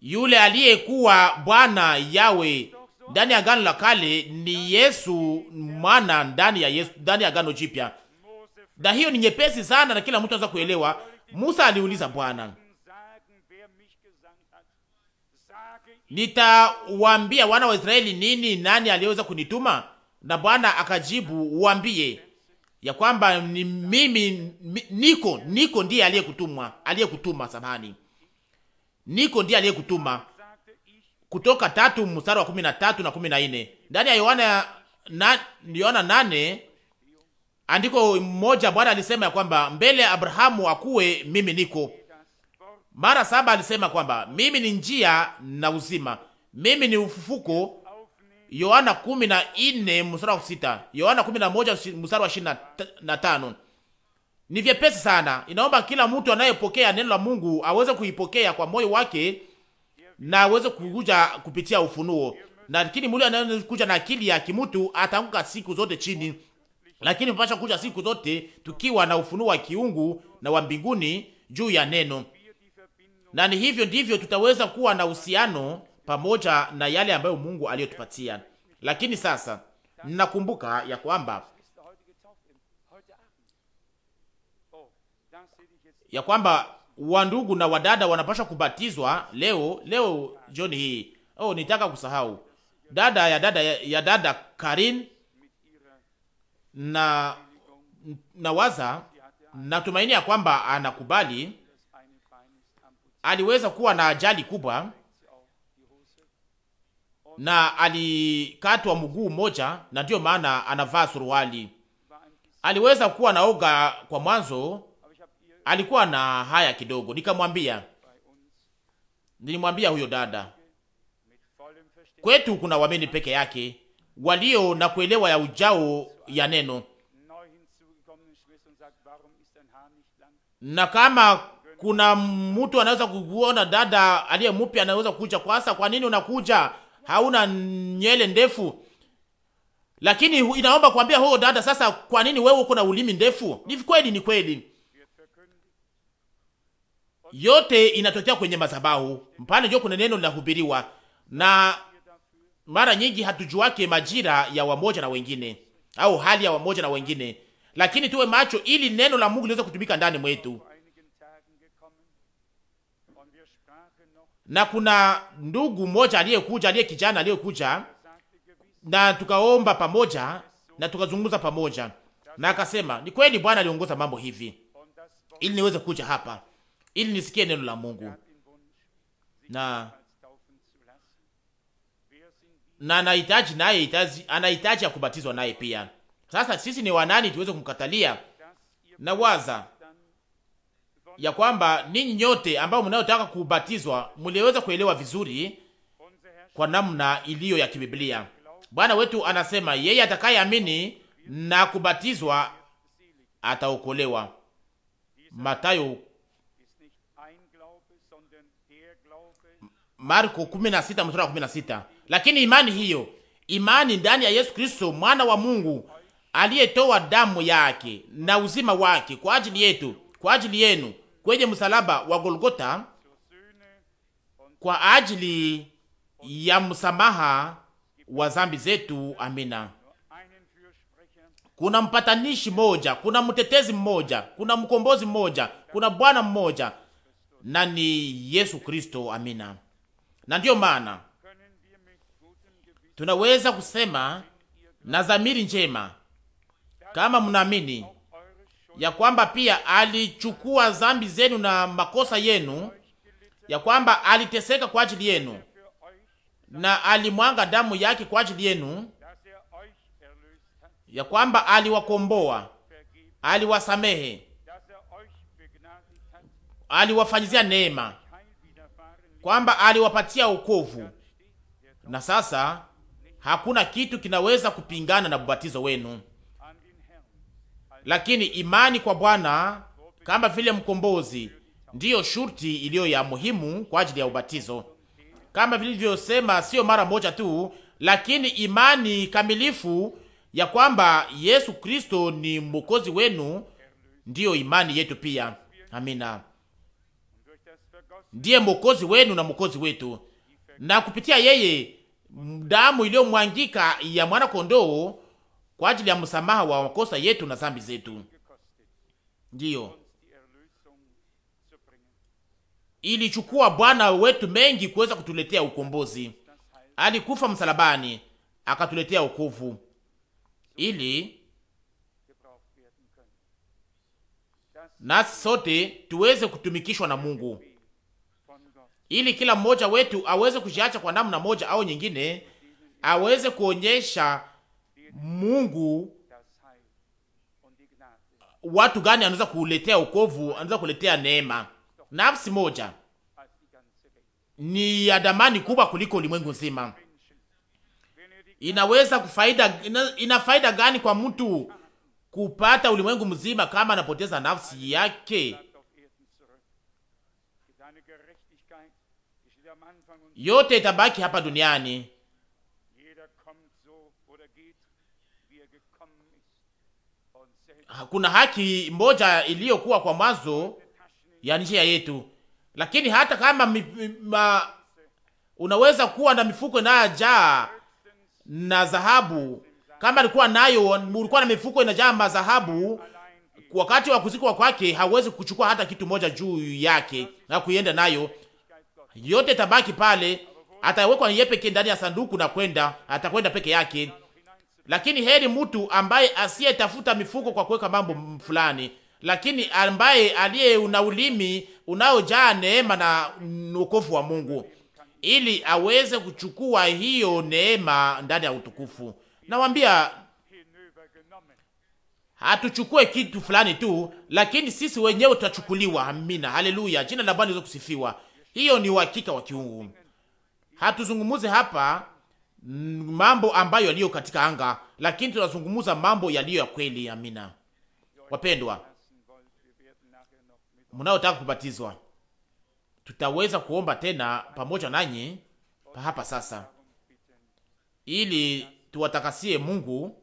Speaker 1: Yule aliyekuwa Bwana yawe ndani ya agano la kale ni Yesu mwana ndani ya Yesu ndani ya agano jipya. Na hiyo ni nyepesi sana na kila mtu anaweza kuelewa. Musa aliuliza Bwana, nitawaambia wana wa Israeli nini, nani aliyeweza kunituma? Na Bwana akajibu, uambie ya kwamba ni mimi niko niko ndiye aliyekutuma aliyekutuma, samahani, niko ndiye aliyekutuma. Kutoka tatu mstari wa kumi na tatu na kumi na nne ndani ya Yohana na Yohana nane andiko mmoja, Bwana alisema ya kwamba mbele ya Abrahamu akuwe mimi niko. Mara saba alisema kwamba mimi ni njia na uzima, mimi ni ufufuko Yohana kumi na ine mstari wa sita Yohana kumi na moja mstari wa na tano Ni vyepesi sana. Inaomba kila mtu anayepokea neno la Mungu aweze kuipokea kwa moyo wake na aweze kukuja kupitia ufunuo. Na lakini mtu anayekuja na akili ya kimtu ataanguka siku zote chini. Lakini mpasha kuja siku zote tukiwa na ufunuo wa kiungu na wa mbinguni juu ya neno. Na ni hivyo ndivyo tutaweza kuwa na uhusiano pamoja na yale ambayo Mungu aliyotupatia. Lakini sasa ninakumbuka ya kwamba ya kwamba wandugu na wadada wanapaswa kubatizwa leo leo jioni hii. Oh, nitaka kusahau dada ya dada ya dada Karin na na waza, natumaini ya kwamba anakubali. Aliweza kuwa na ajali kubwa na alikatwa mguu mmoja, na ndiyo maana anavaa suruali. Aliweza kuwa naoga kwa mwanzo, alikuwa na haya kidogo. Nikamwambia, nilimwambia huyo dada, kwetu kuna wamini peke yake walio na kuelewa ya ujao ya neno, na kama kuna mtu anaweza kuona dada aliye mupya anaweza kuja kwasa, kwa nini unakuja hauna nywele ndefu, lakini inaomba kuambia huyo dada, sasa kwa nini wewe uko na ulimi ndefu? Ni kweli, ni kweli, yote inatokea kwenye madhabahu pale, ndio kuna neno linahubiriwa, na mara nyingi hatujuake majira ya wamoja na wengine au hali ya wamoja na wengine, lakini tuwe macho ili neno la Mungu liweze kutumika ndani mwetu. na kuna ndugu mmoja aliyekuja, aliye kijana aliyekuja, na tukaomba pamoja na tukazungumza pamoja, na akasema ni kweli Bwana aliongoza mambo hivi ili niweze kuja hapa ili nisikie neno la Mungu na na anahitaji naye anahitaji ya kubatizwa naye pia. Sasa sisi ni wanani tuweze kumkatalia? Na waza ya kwamba ninyi nyote ambao mnayotaka kubatizwa mliweza kuelewa vizuri kwa namna iliyo ya kibiblia. Bwana wetu anasema yeye atakayeamini na kubatizwa ataokolewa, Mathayo Marko 16:16. Lakini imani hiyo, imani ndani ya Yesu Kristo mwana wa Mungu aliyetoa damu yake na uzima wake kwa ajili yetu, kwa ajili yenu, kwenye msalaba wa Golgota kwa ajili ya msamaha wa zambi zetu. Amina. Kuna mpatanishi mmoja, kuna mtetezi mmoja, kuna mkombozi mmoja, kuna Bwana mmoja, na ni Yesu Kristo. Amina. Na ndiyo maana tunaweza kusema na dhamiri njema, kama mnaamini ya kwamba pia alichukua dhambi zenu na makosa yenu, ya kwamba aliteseka kwa ajili yenu na alimwanga damu yake kwa ajili yenu, ya kwamba aliwakomboa, aliwasamehe, aliwafanyizia neema, kwamba aliwapatia ukovu Na sasa hakuna kitu kinaweza kupingana na ubatizo wenu lakini imani kwa Bwana kama vile mkombozi ndiyo shurti iliyo ya muhimu kwa ajili ya ubatizo, kama vilivyosema, sio mara moja tu, lakini imani kamilifu ya kwamba Yesu Kristo ni mwokozi wenu ndiyo imani yetu pia. Amina, ndiye mwokozi wenu na mwokozi wetu, na kupitia yeye damu iliyomwangika ya mwana kondoo kwa ajili ya msamaha wa makosa yetu na zambi zetu, ndiyo ilichukua Bwana wetu mengi kuweza kutuletea ukombozi. Alikufa msalabani akatuletea ukovu ili nasi sote tuweze kutumikishwa na Mungu, ili kila mmoja wetu aweze kujiacha kwa namna moja au nyingine, aweze kuonyesha Mungu watu gani anaweza kuletea ukovu, anaweza kuletea neema. Nafsi moja ni ya damani kubwa kuliko ulimwengu nzima. Inaweza kufaida, ina, ina faida gani kwa mtu kupata ulimwengu mzima kama anapoteza nafsi yake? Yote itabaki hapa duniani. kuna haki moja iliyokuwa kwa mwanzo ya njia yetu, lakini hata kama mi, ma, unaweza kuwa na mifuko inayojaa na dhahabu kama alikuwa nayo, ulikuwa na mifuko inajaa madhahabu, wakati wa kuzikwa kwake hawezi kuchukua hata kitu moja juu yake na kuienda nayo, yote tabaki pale, atawekwa yeye pekee ndani ya sanduku na kwenda, atakwenda peke yake. Lakini heri mtu ambaye asiyetafuta mifuko kwa kuweka mambo fulani, lakini ambaye aliye una ulimi unaojaa neema na wokovu wa Mungu, ili aweze kuchukua hiyo neema ndani ya utukufu. Nawaambia, hatuchukue kitu fulani tu, lakini sisi wenyewe tutachukuliwa. Amina, haleluya, jina la Bwana liweze kusifiwa. Hiyo ni uhakika wa kiungu. Hatuzungumuze hapa mambo ambayo yaliyo katika anga, lakini tunazungumza mambo yaliyo ya kweli. Amina wapendwa, mnaotaka kubatizwa, tutaweza kuomba tena pamoja nanyi hapa sasa, ili tuwatakasie Mungu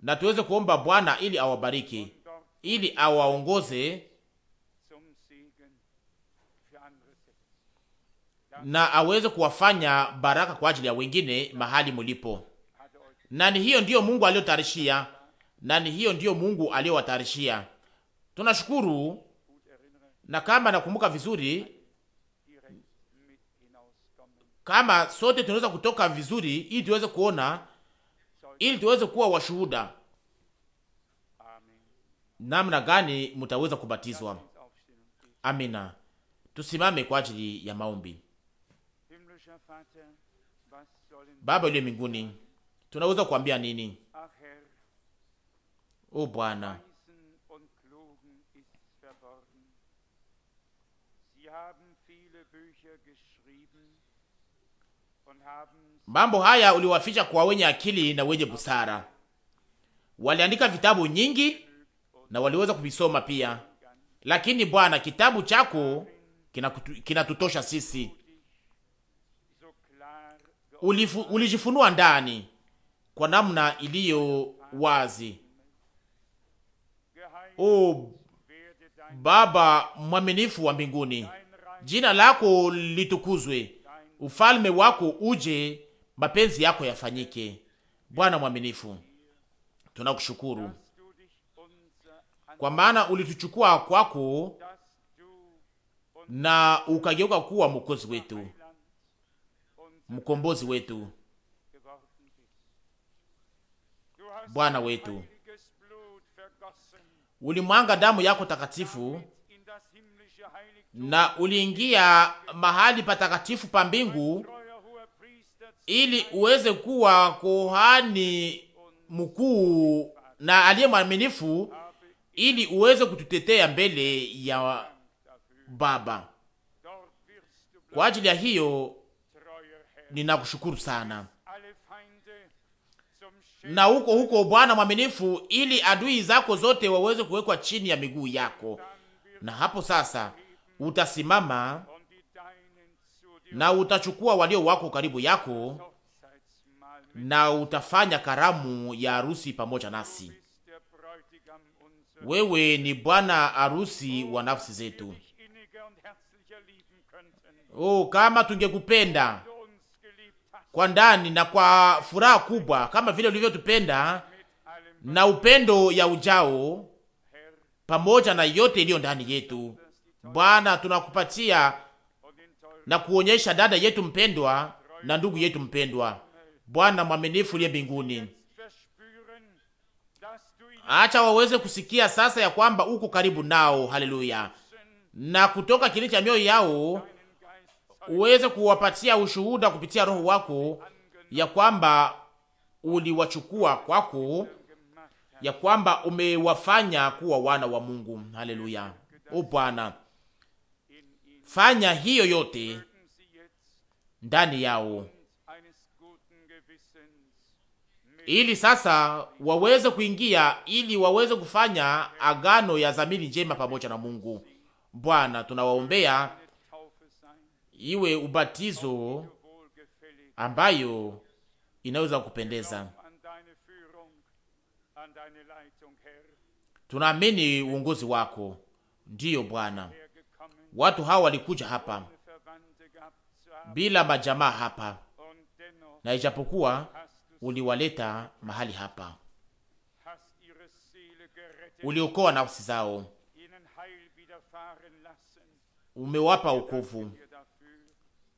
Speaker 1: na tuweze kuomba Bwana ili awabariki, ili awaongoze na aweze kuwafanya baraka kwa ajili ya wengine mahali mulipo. Na ni hiyo ndiyo Mungu aliyotarishia, na ni hiyo ndiyo Mungu aliyowatarishia. Tunashukuru, na kama nakumbuka vizuri, kama sote tunaweza kutoka vizuri, ili tuweze kuona, ili tuweze kuwa washuhuda namna gani mtaweza kubatizwa. Amina. Tusimame kwa ajili ya maombi. Baba uliye mbinguni, tunaweza kuambia nini? O Bwana, mambo haya uliwaficha kwa wenye akili na wenye busara. Waliandika vitabu nyingi na waliweza kuvisoma pia, lakini Bwana, kitabu chako kinatutosha kina sisi ulijifunua ndani kwa namna iliyo wazi. O Baba mwaminifu wa mbinguni, jina lako litukuzwe, ufalme wako uje, mapenzi yako yafanyike. Bwana mwaminifu, tunakushukuru kwa maana ulituchukua kwako na ukageuka kuwa mwokozi wetu mkombozi wetu, Bwana wetu. Ulimwanga damu yako takatifu na uliingia mahali patakatifu pa mbingu ili uweze kuwa kohani mkuu na aliye mwaminifu, ili uweze kututetea mbele ya Baba. Kwa ajili ya hiyo ninakushukuru sana. Uh, na huko huko, Bwana mwaminifu, ili adui zako zote waweze kuwekwa chini ya miguu yako, na hapo sasa utasimama na utachukua walio wako karibu yako na utafanya karamu ya harusi pamoja nasi. Wewe ni bwana harusi wa nafsi zetu. Oh, kama tungekupenda kwa ndani na kwa furaha kubwa, kama vile ulivyotupenda na upendo ya ujao, pamoja na yote iliyo ndani yetu. Bwana, tunakupatia na kuonyesha dada yetu mpendwa na ndugu yetu mpendwa, Bwana mwaminifu liye mbinguni, acha waweze kusikia sasa ya kwamba uko karibu nao. Haleluya! na kutoka kilindi cha mioyo yao uweze kuwapatia ushuhuda kupitia roho wako ya kwamba uliwachukua kwako, ya kwamba umewafanya kuwa wana wa Mungu. Haleluya! O Bwana, fanya hiyo yote ndani yao ili sasa waweze kuingia, ili waweze kufanya agano ya dhamiri njema pamoja na Mungu. Bwana, tunawaombea iwe ubatizo ambayo inaweza kupendeza. Tunaamini uongozi wako. Ndiyo Bwana, watu hawa walikuja hapa bila majamaa hapa, na ijapokuwa uliwaleta mahali hapa, uliokoa nafsi zao, umewapa ukovu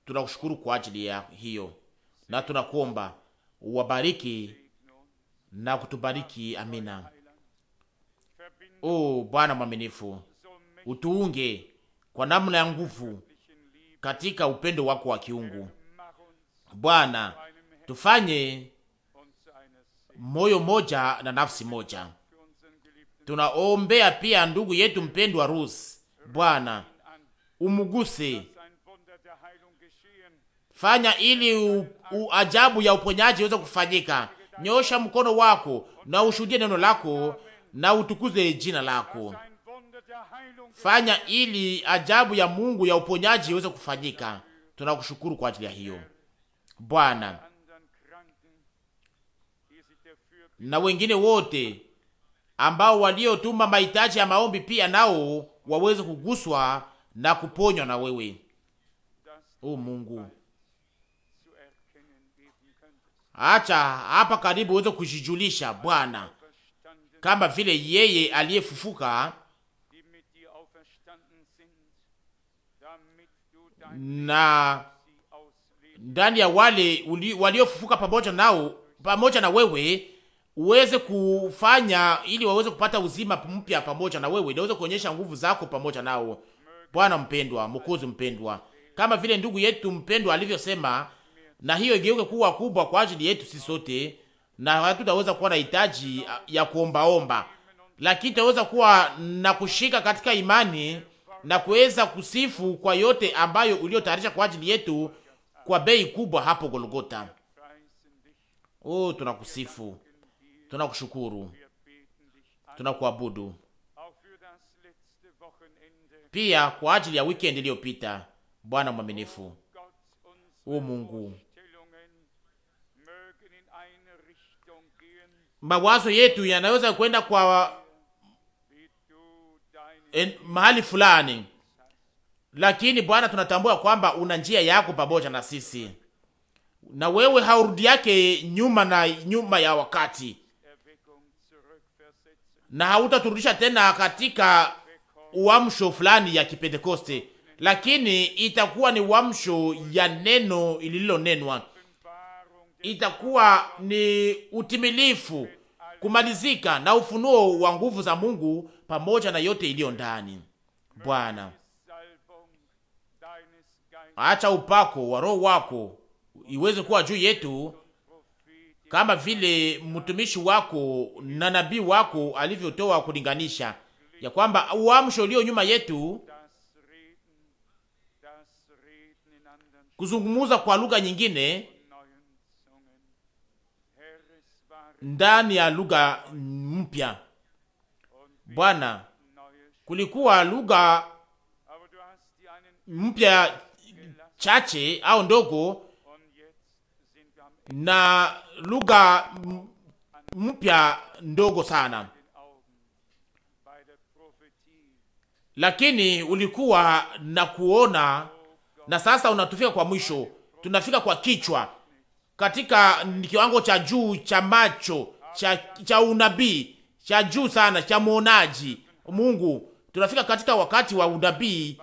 Speaker 1: Tunakushukuru kwa ajili ya hiyo na tunakuomba uwabariki na kutubariki. Amina. O Bwana mwaminifu, utuunge kwa namna ya nguvu katika upendo wako wa kiungu. Bwana, tufanye moyo moja na nafsi moja. Tunaombea pia ndugu yetu mpendwa rus Bwana umuguse fanya ili u, u ajabu ya uponyaji iweze kufanyika. Nyosha mkono wako na ushuhudie neno lako na utukuze jina lako. Fanya ili ajabu ya Mungu ya uponyaji iweze kufanyika. Tunakushukuru kwa ajili ya hiyo Bwana, na wengine wote ambao waliotuma mahitaji ya maombi pia nao waweze kuguswa na kuponywa na wewe, o Mungu acha hapa karibu uweze kujijulisha Bwana, kama vile yeye aliyefufuka na ndani ya wale waliofufuka pamoja nao pamoja na wewe uweze kufanya ili waweze kupata uzima mpya pamoja na wewe, naweze kuonyesha nguvu zako pamoja nao. Bwana mpendwa, mwokozi mpendwa, kama vile ndugu yetu mpendwa alivyosema, na hiyo igeuke kuwa kubwa kwa ajili yetu sisi sote, na hatutaweza kuwa na hitaji ya kuombaomba, lakini tutaweza kuwa na kushika katika imani na kuweza kusifu kwa yote ambayo uliotayarisha kwa ajili yetu kwa bei kubwa hapo Golgota. Oh, tunakusifu, tunakushukuru, tunakuabudu pia kwa ajili ya weekend iliyopita. Bwana mwaminifu, o Mungu mawazo yetu yanaweza kwenda kwa en, mahali fulani, lakini Bwana, tunatambua kwamba una njia yako pamoja na sisi, na wewe haurudi yake nyuma na nyuma ya wakati, na hautaturudisha tena katika uamsho fulani ya Kipentekoste, lakini itakuwa ni uamsho ya neno ililonenwa itakuwa ni utimilifu, kumalizika na ufunuo wa nguvu za Mungu pamoja na yote iliyo ndani. Bwana, acha upako wa Roho wako iweze kuwa juu yetu kama vile mtumishi wako na nabii wako alivyotoa kulinganisha ya kwamba uamsho ulio nyuma yetu, kuzungumuza kwa lugha nyingine ndani ya lugha mpya. Bwana, kulikuwa lugha mpya chache au ndogo na lugha mpya ndogo sana, lakini ulikuwa na kuona, na sasa unatufika kwa mwisho, tunafika kwa kichwa katika kiwango cha juu cha macho cha, cha unabii cha juu sana cha mwonaji Mungu. Tunafika katika wakati wa unabii,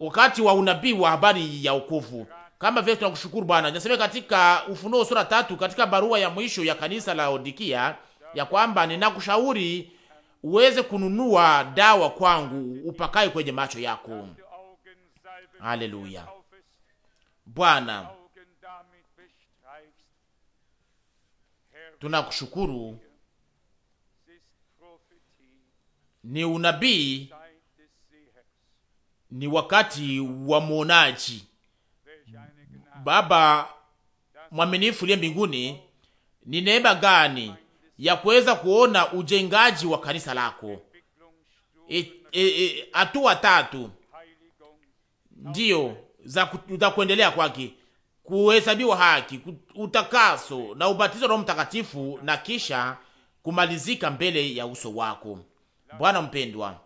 Speaker 1: wakati wa unabii wa habari ya wokovu. Kama vile tunakushukuru Bwana, nasema katika Ufunuo sura tatu katika barua ya mwisho ya kanisa la Laodikia ya kwamba ninakushauri uweze kununua dawa kwangu upakaye kwenye macho yako. Haleluya Bwana
Speaker 2: Tunakushukuru,
Speaker 1: ni unabii, ni wakati wa mwonaji. Baba mwaminifu liye mbinguni, ni neema gani ya kuweza kuona ujengaji wa kanisa lako. Hatua e, e, e, tatu ndiyo za, ku, za kuendelea kwake kuhesabiwa haki, utakaso na ubatizo Roho Mtakatifu, na kisha kumalizika mbele ya uso wako. Bwana mpendwa,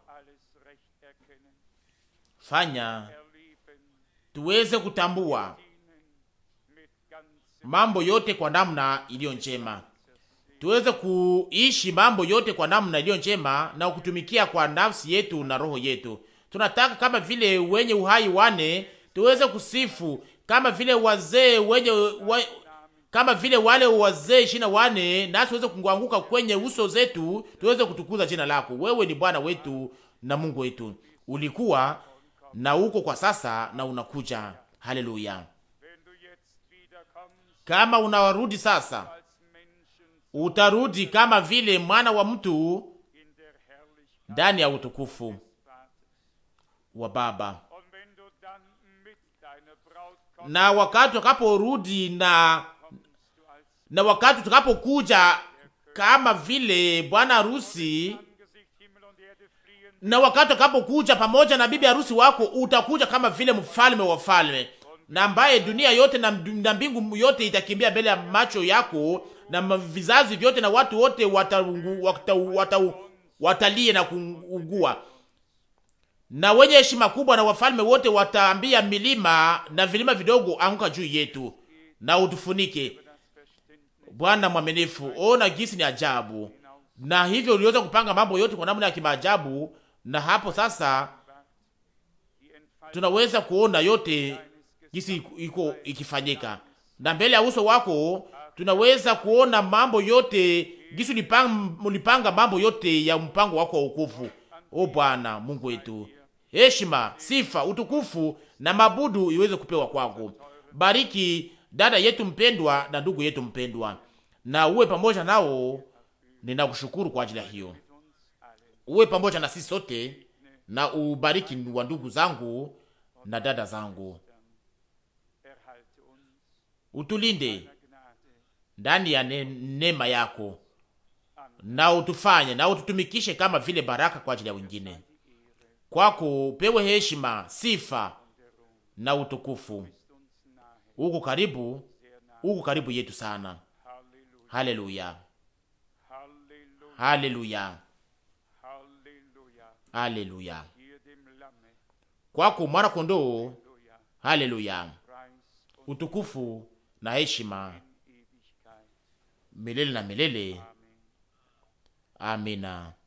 Speaker 1: fanya tuweze kutambua mambo yote kwa namna iliyo njema, tuweze kuishi mambo yote kwa namna iliyo njema na kutumikia kwa nafsi yetu na roho yetu. Tunataka kama vile wenye uhai wane tuweze kusifu kama vile wazee wenye wa, kama vile wale wazee ishirini na wane nasi uweze kuanguka kwenye uso zetu, tuweze kutukuza jina lako. Wewe ni Bwana wetu na Mungu wetu, ulikuwa na uko kwa sasa na unakuja. Haleluya! Kama unawarudi sasa, utarudi kama vile mwana wa mtu ndani ya utukufu wa Baba na wakati tukaporudi na na wakati tukapokuja kama vile bwana harusi, na wakati tukapokuja pamoja na bibi harusi wako, utakuja kama vile mfalme wa falme, na ambaye dunia yote na, na mbingu yote itakimbia mbele ya macho yako, na vizazi vyote na watu wote watalie wata, wata, wata, wata na kuugua na wenye heshima kubwa na wafalme wote wataambia milima na vilima vidogo, anguka juu yetu na utufunike. Bwana mwaminifu, ona gisi ni ajabu, na hivyo uliweza kupanga mambo yote kwa namna ya kimaajabu. Na hapo sasa tunaweza kuona yote gisi iko ikifanyika, na mbele ya uso wako tunaweza kuona mambo yote gisi ulipanga mambo yote ya mpango wako wa ukufu. O Bwana Mungu wetu, heshima, sifa, utukufu na mabudu iweze kupewa kwako. Bariki dada yetu mpendwa na ndugu yetu mpendwa, na uwe pamoja nao. Ninakushukuru kwa ajili ya hiyo. Uwe pamoja na sisi sote na ubariki wa ndugu zangu na dada zangu, utulinde ndani ya neema yako na utufanye na ututumikishe kama vile baraka kwa ajili ya wengine. Kwako pewe heshima, sifa na utukufu. Uko karibu, uko karibu yetu sana. Haleluya, haleluya, haleluya. Kwako mwana kondoo, haleluya, utukufu na heshima milele na milele. Amina.